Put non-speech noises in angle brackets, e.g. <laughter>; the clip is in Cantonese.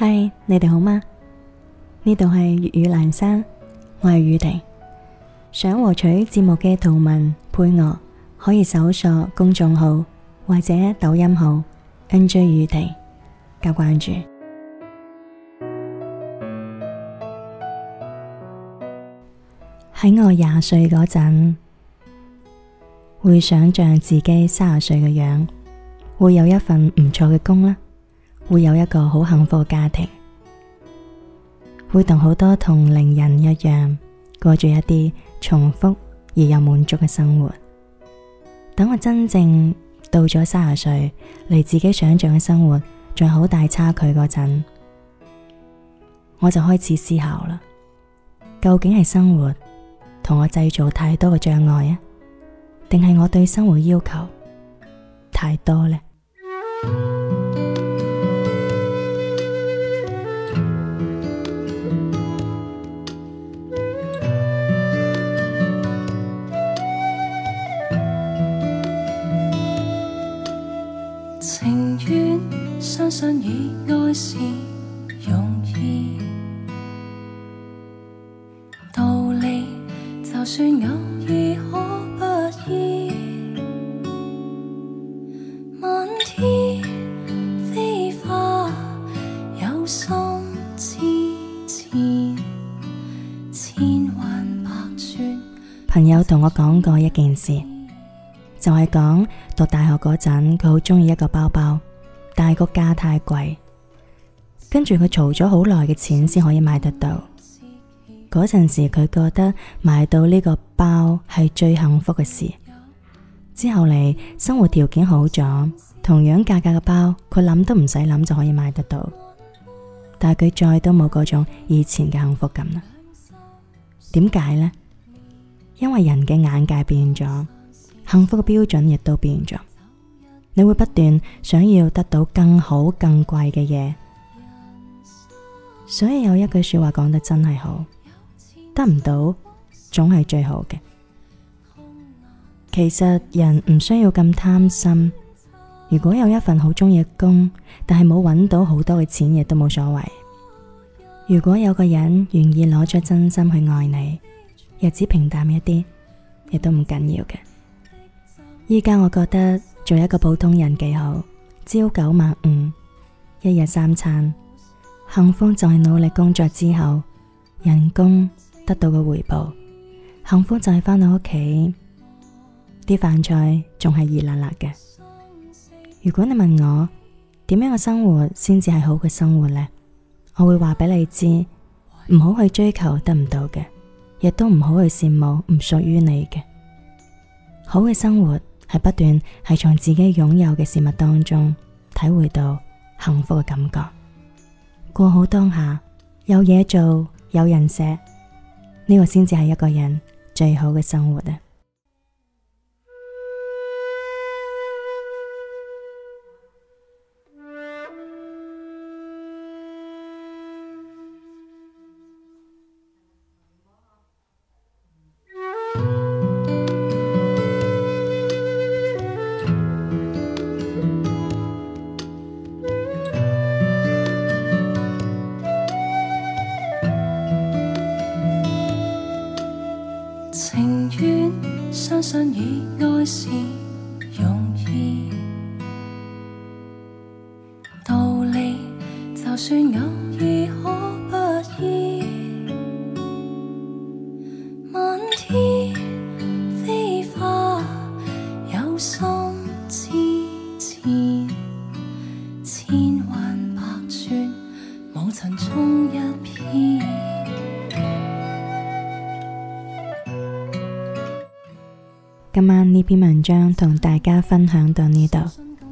嗨，Hi, 你哋好嗎？呢度係粵語闌珊，我係宇婷。想獲取節目嘅圖文配樂，可以搜索公眾號或者抖音號 NJ 宇婷加關注。喺我廿歲嗰陣，會想象自己三十歲嘅樣，會有一份唔錯嘅工啦。會有一個好幸福嘅家庭，會同好多同齡人一樣過住一啲重複而又滿足嘅生活。等我真正到咗三十歲，離自己想象嘅生活仲有好大差距嗰陣，我就開始思考啦：究竟係生活同我製造太多嘅障礙啊，定係我對生活要求太多呢？ <noise> 相信愛是容易易。道理，就算偶遇，可不易。漫天飛花，有心之前千萬百轉。朋友同我講過一件事，就係、是、講讀大學嗰陣，佢好鍾意一個包包。但係個價太貴，跟住佢儲咗好耐嘅錢先可以買得到。嗰陣時佢覺得買到呢個包係最幸福嘅事。之後嚟生活條件好咗，同樣價格嘅包佢諗都唔使諗就可以買得到。但係佢再都冇嗰種以前嘅幸福感啦。點解呢？因為人嘅眼界變咗，幸福嘅標準亦都變咗。你會不斷想要得到更好、更貴嘅嘢，所以有一句話說話講得真係好，得唔到總係最好嘅。其實人唔需要咁貪心，如果有一份好中意嘅工，但係冇搵到好多嘅錢，亦都冇所謂。如果有個人願意攞出真心去愛你，日子平淡一啲，亦都唔緊要嘅。依家我覺得。做一個普通人幾好，朝九晚五，一日三餐，幸福就係努力工作之後，人工得到嘅回報，幸福就係翻到屋企，啲飯菜仲係熱辣辣嘅。如果你問我點樣嘅生活先至係好嘅生活呢？我會話俾你知，唔好去追求得唔到嘅，亦都唔好去羨慕唔屬於你嘅好嘅生活。係不斷係從自己擁有嘅事物當中體會到幸福嘅感覺，過好當下，有嘢做，有人錫，呢、這個先至係一個人最好嘅生活啊！就算偶爾可不依，滿天飛花有心痴纏，千萬百轉無塵中一片。今晚呢篇文章同大家分享到呢度。